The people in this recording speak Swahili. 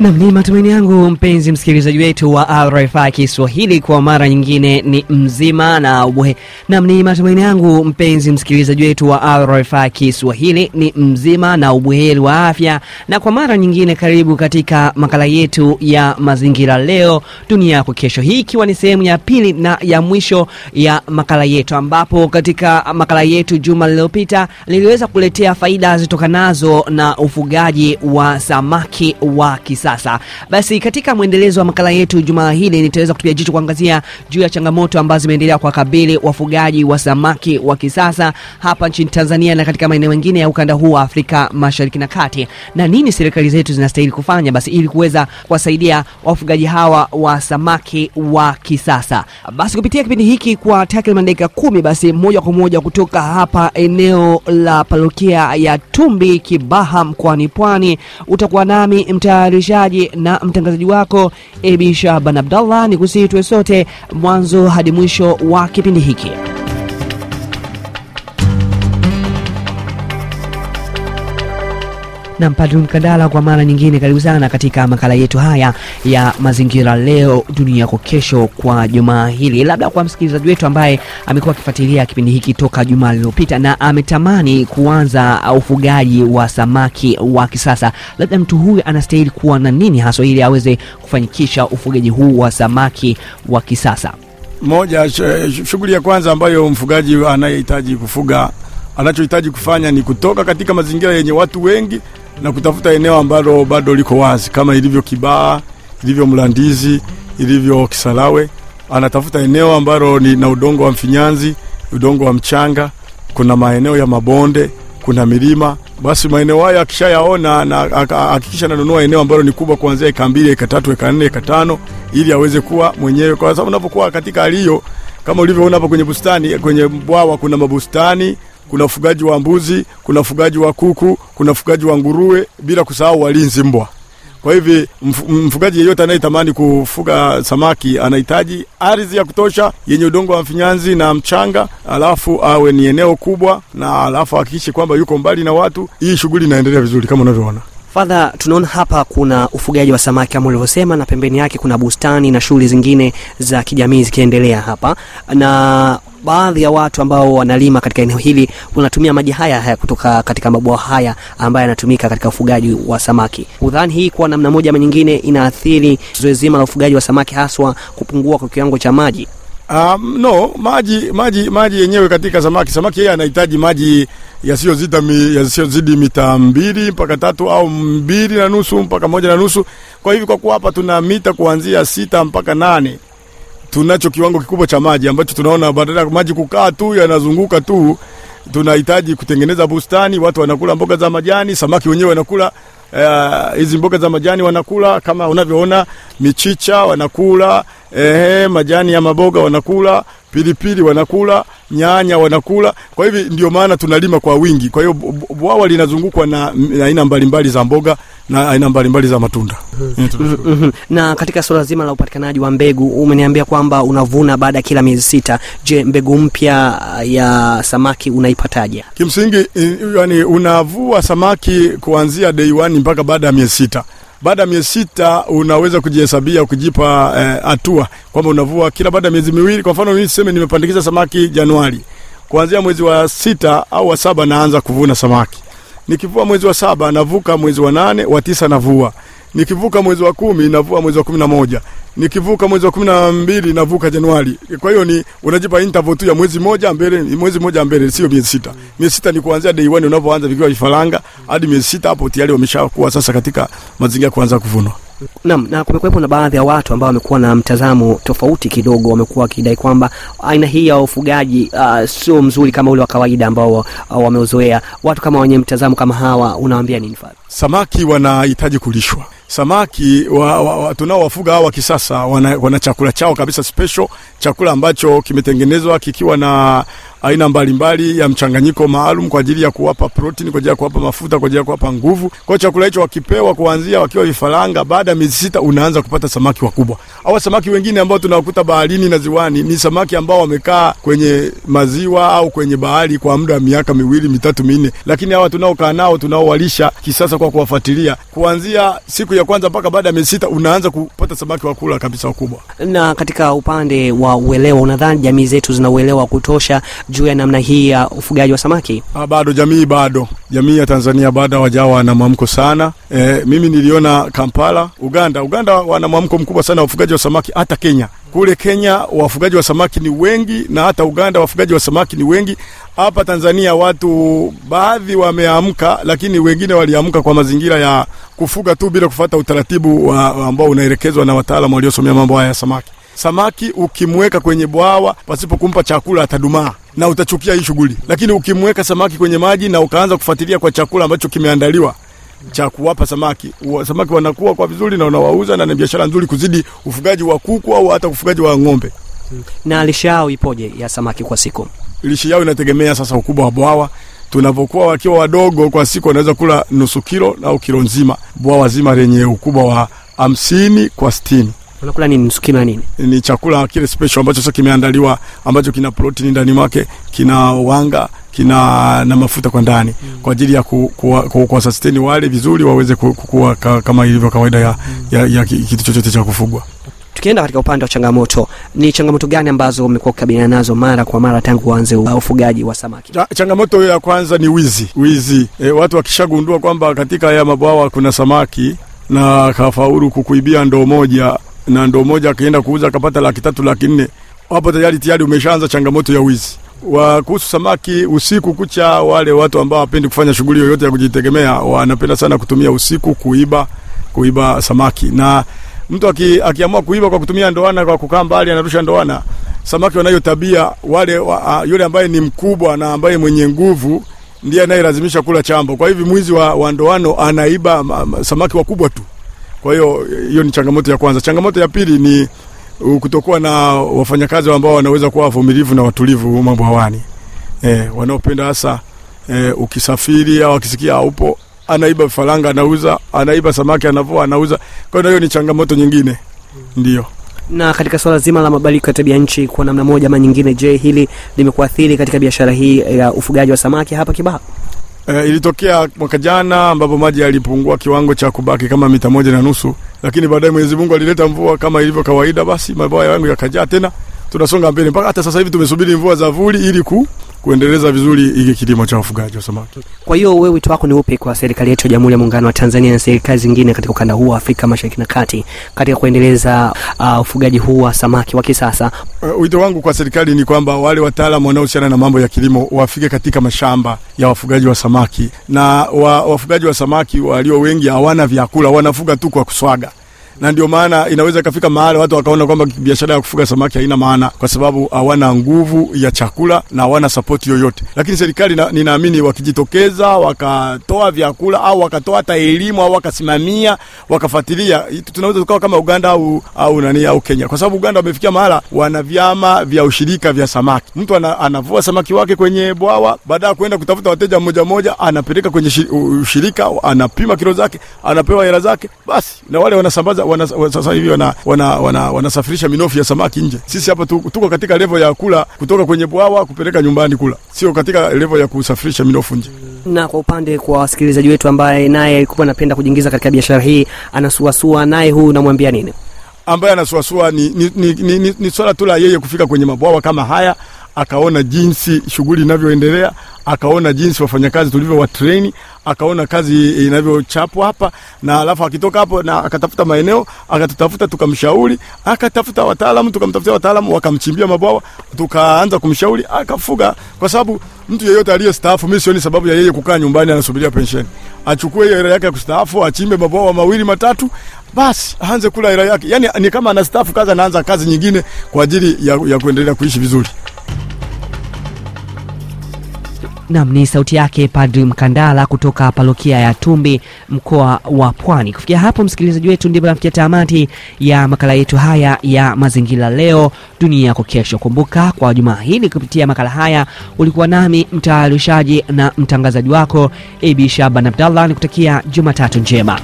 Nam, ni matumaini yangu mpenzi msikilizaji wetu wa RFI Kiswahili, kwa mara nyingine ni mzima na we. Nam, ni matumaini yangu mpenzi msikilizaji wetu wa RFI Kiswahili ni mzima na ubuheri wa afya, na kwa mara nyingine karibu katika makala yetu ya mazingira, leo dunia yako kesho, hii ikiwa ni sehemu ya pili na ya mwisho ya makala yetu, ambapo katika makala yetu juma lililopita liliweza kuletea faida zitokanazo na ufugaji wa samaki wa kisa sasa. Basi katika mwendelezo wa makala yetu jumaa hili nitaweza kutupia jicho kuangazia juu ya changamoto ambazo zimeendelea kabili wafugaji wa samaki wa kisasa hapa nchini Tanzania na katika maeneo mengine ya ukanda huu wa Afrika Mashariki na Kati, na nini serikali zetu zinastahili kufanya basi ili kuweza kuwasaidia wafugaji hawa wa samaki wa kisasa. Basi kupitia kipindi hiki kwa takriban dakika kumi, basi moja kwa moja kutoka hapa eneo la parokia ya Tumbi Kibaha mkoani Pwani, utakuwa nami mtayarisha mtayarishaji na mtangazaji wako Abi Shaban Abdallah, ni kusitwe sote mwanzo hadi mwisho wa kipindi hiki. na Padri Mkandala kwa mara nyingine, karibu sana katika makala yetu haya ya mazingira leo dunia yako kesho kwa jumaa hili. Labda kwa msikilizaji wetu ambaye amekuwa akifuatilia kipindi hiki toka jumaa lililopita na ametamani kuanza ufugaji wa samaki wa kisasa, labda mtu huyu anastahili kuwa na nini haswa ili aweze kufanikisha ufugaji huu wa samaki wa kisasa? Moja, shughuli ya kwanza ambayo mfugaji anayehitaji kufuga anachohitaji kufanya ni kutoka katika mazingira yenye watu wengi na kutafuta eneo ambalo bado liko wazi, kama ilivyo kibaa ilivyo Mlandizi, ilivyo Kisarawe. Anatafuta eneo ambalo ni na udongo wa mfinyanzi, udongo wa mchanga, kuna maeneo ya mabonde, kuna milima. Basi maeneo hayo akishayaona, na hakikisha nanunua eneo ambalo ni kubwa, kuanzia eka mbili, eka tatu, eka nne, eka tano, ili aweze kuwa mwenyewe, kwa sababu unapokuwa katika hali hiyo, kama ulivyoona hapo kwenye bustani, kwenye bwawa kuna mabustani kuna ufugaji wa mbuzi, kuna ufugaji wa kuku, kuna ufugaji wa nguruwe, bila kusahau walinzi mbwa. Kwa hivi mfugaji yeyote anayetamani kufuga samaki anahitaji ardhi ya kutosha yenye udongo wa mfinyanzi na mchanga, alafu awe ni eneo kubwa, na alafu hakikishe kwamba yuko mbali na watu. Hii shughuli inaendelea vizuri kama unavyoona. Fadha, tunaona hapa kuna ufugaji wa samaki kama ulivyosema, na pembeni yake kuna bustani na shughuli zingine za kijamii zikiendelea hapa, na baadhi ya watu ambao wanalima katika eneo hili wanatumia maji haya haya kutoka katika mabwawa haya ambayo yanatumika katika ufugaji wa samaki. Udhani hii kwa namna moja ama nyingine inaathiri zoezi zima la ufugaji wa samaki, haswa kupungua kwa kiwango cha maji? Um, no maji maji maji yenyewe katika samaki, samaki yeye anahitaji maji yasiyozidi mi, yasiyozidi mita mbili mpaka tatu au mbili na nusu mpaka moja na nusu. Kwa hivyo kwa kuwa hapa tuna mita kuanzia sita mpaka nane tunacho kiwango kikubwa cha maji ambacho tunaona badala ya maji kukaa tu yanazunguka tu, tunahitaji kutengeneza bustani, watu wanakula mboga za majani, samaki wenyewe wanakula uh, hizi uh, mboga za majani wanakula, kama unavyoona michicha wanakula ehe, majani ya maboga wanakula, pilipili wanakula, nyanya wanakula. Kwa hivi ndio maana tunalima kwa wingi. Kwa hiyo bwawa linazungukwa na aina mbalimbali za mboga na aina mbalimbali za matunda. Mhm. Eh, mhm. Na katika suala zima la upatikanaji wa mbegu, umeniambia kwamba unavuna baada ya kila miezi sita. Je, mbegu mpya uh, ya samaki unaipataje? Kimsingi yani unavua samaki kuanzia day 1 mpaka baada ya miezi sita baada ya miezi sita unaweza kujihesabia kujipa eh, hatua eh, kwamba unavua kila baada ya miezi miwili. Kwa mfano mimi siseme nimepandikiza samaki Januari, kuanzia mwezi wa sita au wa saba naanza kuvuna samaki. Nikivua mwezi wa saba navuka mwezi wa nane, wa tisa navua nikivuka mwezi wa kumi navua mwezi wa kumi na moja nikivuka mwezi wa kumi na mbili navuka Januari. Kwa hiyo ni unajipa interval tu ya mwezi moja mbele, mwezi moja mbele, sio miezi sita. Miezi sita ni kuanzia day one unavyoanza vikiwa vifaranga hadi miezi sita, hapo tayari wameshakuwa sasa katika mazingira kuanza kuvunwa. Naam, na kumekuwepo na baadhi ya watu ambao wamekuwa na mtazamo tofauti kidogo, wamekuwa wakidai kwamba aina hii ya ufugaji uh, sio mzuri kama ule wa kawaida ambao uh, wameuzoea. Watu kama wenye mtazamo kama hawa unawaambia nini? Fadhili, samaki wanahitaji kulishwa samaki wa, wa, wa, tunaowafuga hawa kisasa wana, wana chakula chao kabisa special, chakula ambacho kimetengenezwa kikiwa na aina mbalimbali ya mchanganyiko maalum kwa ajili ya kuwapa protini, kwa ajili ya kuwapa mafuta, kwa ajili ya kuwapa nguvu. Kwa chakula hicho wakipewa kuanzia wakiwa vifaranga, baada ya miezi sita unaanza kupata samaki wakubwa. Au samaki wengine ambao tunawakuta baharini na ziwani ni samaki ambao wamekaa kwenye maziwa au kwenye bahari kwa muda wa miaka miwili mitatu minne, lakini hawa tunaokaa nao tunaowalisha kisasa kwa kuwafuatilia kuanzia siku ya kwanza mpaka baada ya miezi sita unaanza kupata samaki wakula kabisa wakubwa. Na katika upande wa uelewa, unadhani jamii zetu zina uelewa wa kutosha juu ya namna hii ya ufugaji wa samaki? Ah, bado jamii bado jamii ya Tanzania bado hawajawa na mwamko sana. E, mimi niliona Kampala, Uganda. Uganda wana mwamko mkubwa sana wa ufugaji wa samaki, hata Kenya kule Kenya wafugaji wa samaki ni wengi, na hata Uganda wafugaji wa samaki ni wengi. Hapa Tanzania watu baadhi wameamka, lakini wengine waliamka kwa mazingira ya kufuga tu bila kufata utaratibu ambao unaelekezwa na wataalamu waliosomea mambo haya ya samaki. Samaki ukimweka kwenye bwawa pasipo kumpa chakula atadumaa na utachukia hii shughuli, lakini ukimweka samaki kwenye maji na ukaanza kufuatilia kwa chakula ambacho kimeandaliwa cha kuwapa samaki, samaki wanakuwa kwa vizuri na unawauza, na ni biashara nzuri kuzidi ufugaji wa kuku au hata ufugaji wa ng'ombe. Na lishe yao ipoje ya samaki kwa siku? Lishe yao inategemea sasa ukubwa wa bwawa tunavyokuwa wakiwa wadogo, kwa siku wanaweza kula nusu kilo au kilo nzima, bwawa zima lenye ukubwa wa hamsini kwa sitini. Unakula nini Sukima nini? Ni chakula kile special ambacho sasa kimeandaliwa ambacho kina protini ndani mwake, kina wanga, kina na mafuta kwa ndani mm. kwa ajili ya ku, ku, ku, ku sustain wale vizuri waweze kukua ka, kama ilivyo kawaida ya, mm. ya, ya kitu chochote cha kufugwa. Tukienda katika upande wa changamoto, ni changamoto gani ambazo umekuwa ukikabiliana nazo mara kwa mara tangu uanze ufugaji wa samaki? Ch changamoto ya kwanza ni wizi. Wizi e, watu wakishagundua kwamba katika haya mabwawa kuna samaki na kafaulu kukuibia ndoo moja na ndo moja akaenda kuuza akapata laki tatu laki nne hapo tayari tayari umeshaanza changamoto ya wizi wa kuhusu samaki usiku kucha. Wale watu ambao wapendi kufanya shughuli yoyote ya kujitegemea wanapenda sana kutumia usiku kuiba, kuiba samaki. Na mtu aki, akiamua kuiba kwa kutumia ndoana, kwa kukaa mbali, anarusha ndoana. Samaki wanayo tabia wale wa, a, yule ambaye ni mkubwa na ambaye mwenye nguvu ndiye anayelazimisha kula chambo. Kwa hivi mwizi wa, wa ndoano anaiba ma, ma, samaki wakubwa tu kwa hiyo hiyo ni changamoto ya kwanza. Changamoto ya pili ni uh, kutokuwa na wafanyakazi ambao wanaweza kuwa wavumilivu na watulivu mabwawani, eh, wanaopenda hasa eh, ukisafiri au akisikia upo anaiba faranga anauza, anaiba samaki anavua anauza. Kwa hiyo hiyo ni changamoto nyingine, ndio na katika swala zima la mabadiliko ya tabia nchi kwa namna moja ama nyingine, je, hili limekuathiri katika biashara hii ya ufugaji wa samaki hapa Kibaha? E, ilitokea mwaka jana ambapo maji yalipungua kiwango cha kubaki kama mita moja na nusu, lakini baadaye Mwenyezi Mungu alileta mvua kama ilivyo kawaida, basi mabwawa yangu yakajaa tena, tunasonga mbele mpaka hata sasa hivi tumesubiri mvua za vuli ili ku kuendeleza vizuri hiki kilimo cha wafugaji wa samaki. Kwa hiyo wewe wito wako ni upi kwa serikali yetu ya Jamhuri ya Muungano wa Tanzania na serikali zingine katika ukanda huu wa Afrika Mashariki na Kati katika kuendeleza uh, ufugaji huu wa samaki wa kisasa? Uh, wito wangu kwa serikali ni kwamba wale wataalamu wanaohusiana na mambo ya kilimo wafike katika mashamba ya wafugaji wa samaki, na wa, wafugaji wa samaki walio wengi hawana vyakula, wanafuga tu kwa kuswaga na ndio maana inaweza ikafika mahali watu wakaona kwamba biashara ya kufuga samaki haina maana, kwa sababu hawana nguvu ya chakula na hawana sapoti yoyote. Lakini serikali ninaamini wakijitokeza, wakatoa vyakula au wakatoa hata elimu au wakasimamia, wakafuatilia, tunaweza tukawa kama Uganda au, au nani au Kenya, kwa sababu Uganda wamefikia mahala wana vyama vya ushirika vya samaki. Mtu ana, anavua samaki wake kwenye bwawa, baada ya kwenda kutafuta wateja mmoja mmoja, anapeleka kwenye ushirika, anapima kilo zake, anapewa hela zake, basi na wale wanasambaza sasa hivi wanasafirisha wana, wana, minofu ya samaki nje. Sisi hapa tuko, tuko katika level ya kula kutoka kwenye bwawa kupeleka nyumbani kula, sio katika level ya kusafirisha minofu nje. Na kwa upande kwa wasikilizaji wetu ambaye naye alikuwa anapenda kujiingiza katika biashara hii, anasuasua naye, huyu namwambia nini? ambaye anasuasua ni, ni, ni, ni, ni, ni swala tu la yeye kufika kwenye mabwawa kama haya akaona jinsi shughuli inavyoendelea, akaona jinsi wafanyakazi tulivyo tulivyowatreni, akaona kazi inavyochapwa hapa, na alafu akitoka hapo na akatafuta maeneo, akatutafuta, tukamshauri, akatafuta wataalamu, tukamtafutia wataalamu, wakamchimbia mabwawa, tukaanza kumshauri, akafuga. Kwa sababu mtu yeyote aliye aliyestaafu, mimi sioni sababu ya yeye kukaa nyumbani anasubiria pensheni. Achukue hiyo hela yake ya kustaafu, achimbe mabwawa mawili matatu, basi aanze kula hela yake. Yani ni kama anastaafu kazi, anaanza kazi nyingine kwa ajili ya, ya kuendelea kuishi vizuri. Nam ni sauti yake Padri Mkandala kutoka parokia ya Tumbi, mkoa wa Pwani. Kufikia hapo, msikilizaji wetu, ndipo nafikia tamati ya makala yetu haya ya mazingira, leo dunia yako kesho. Kumbuka kwa jumaa hili kupitia makala haya ulikuwa nami mtayarishaji na mtangazaji wako ibi Shaban Abdallah, nikutakia Jumatatu njema.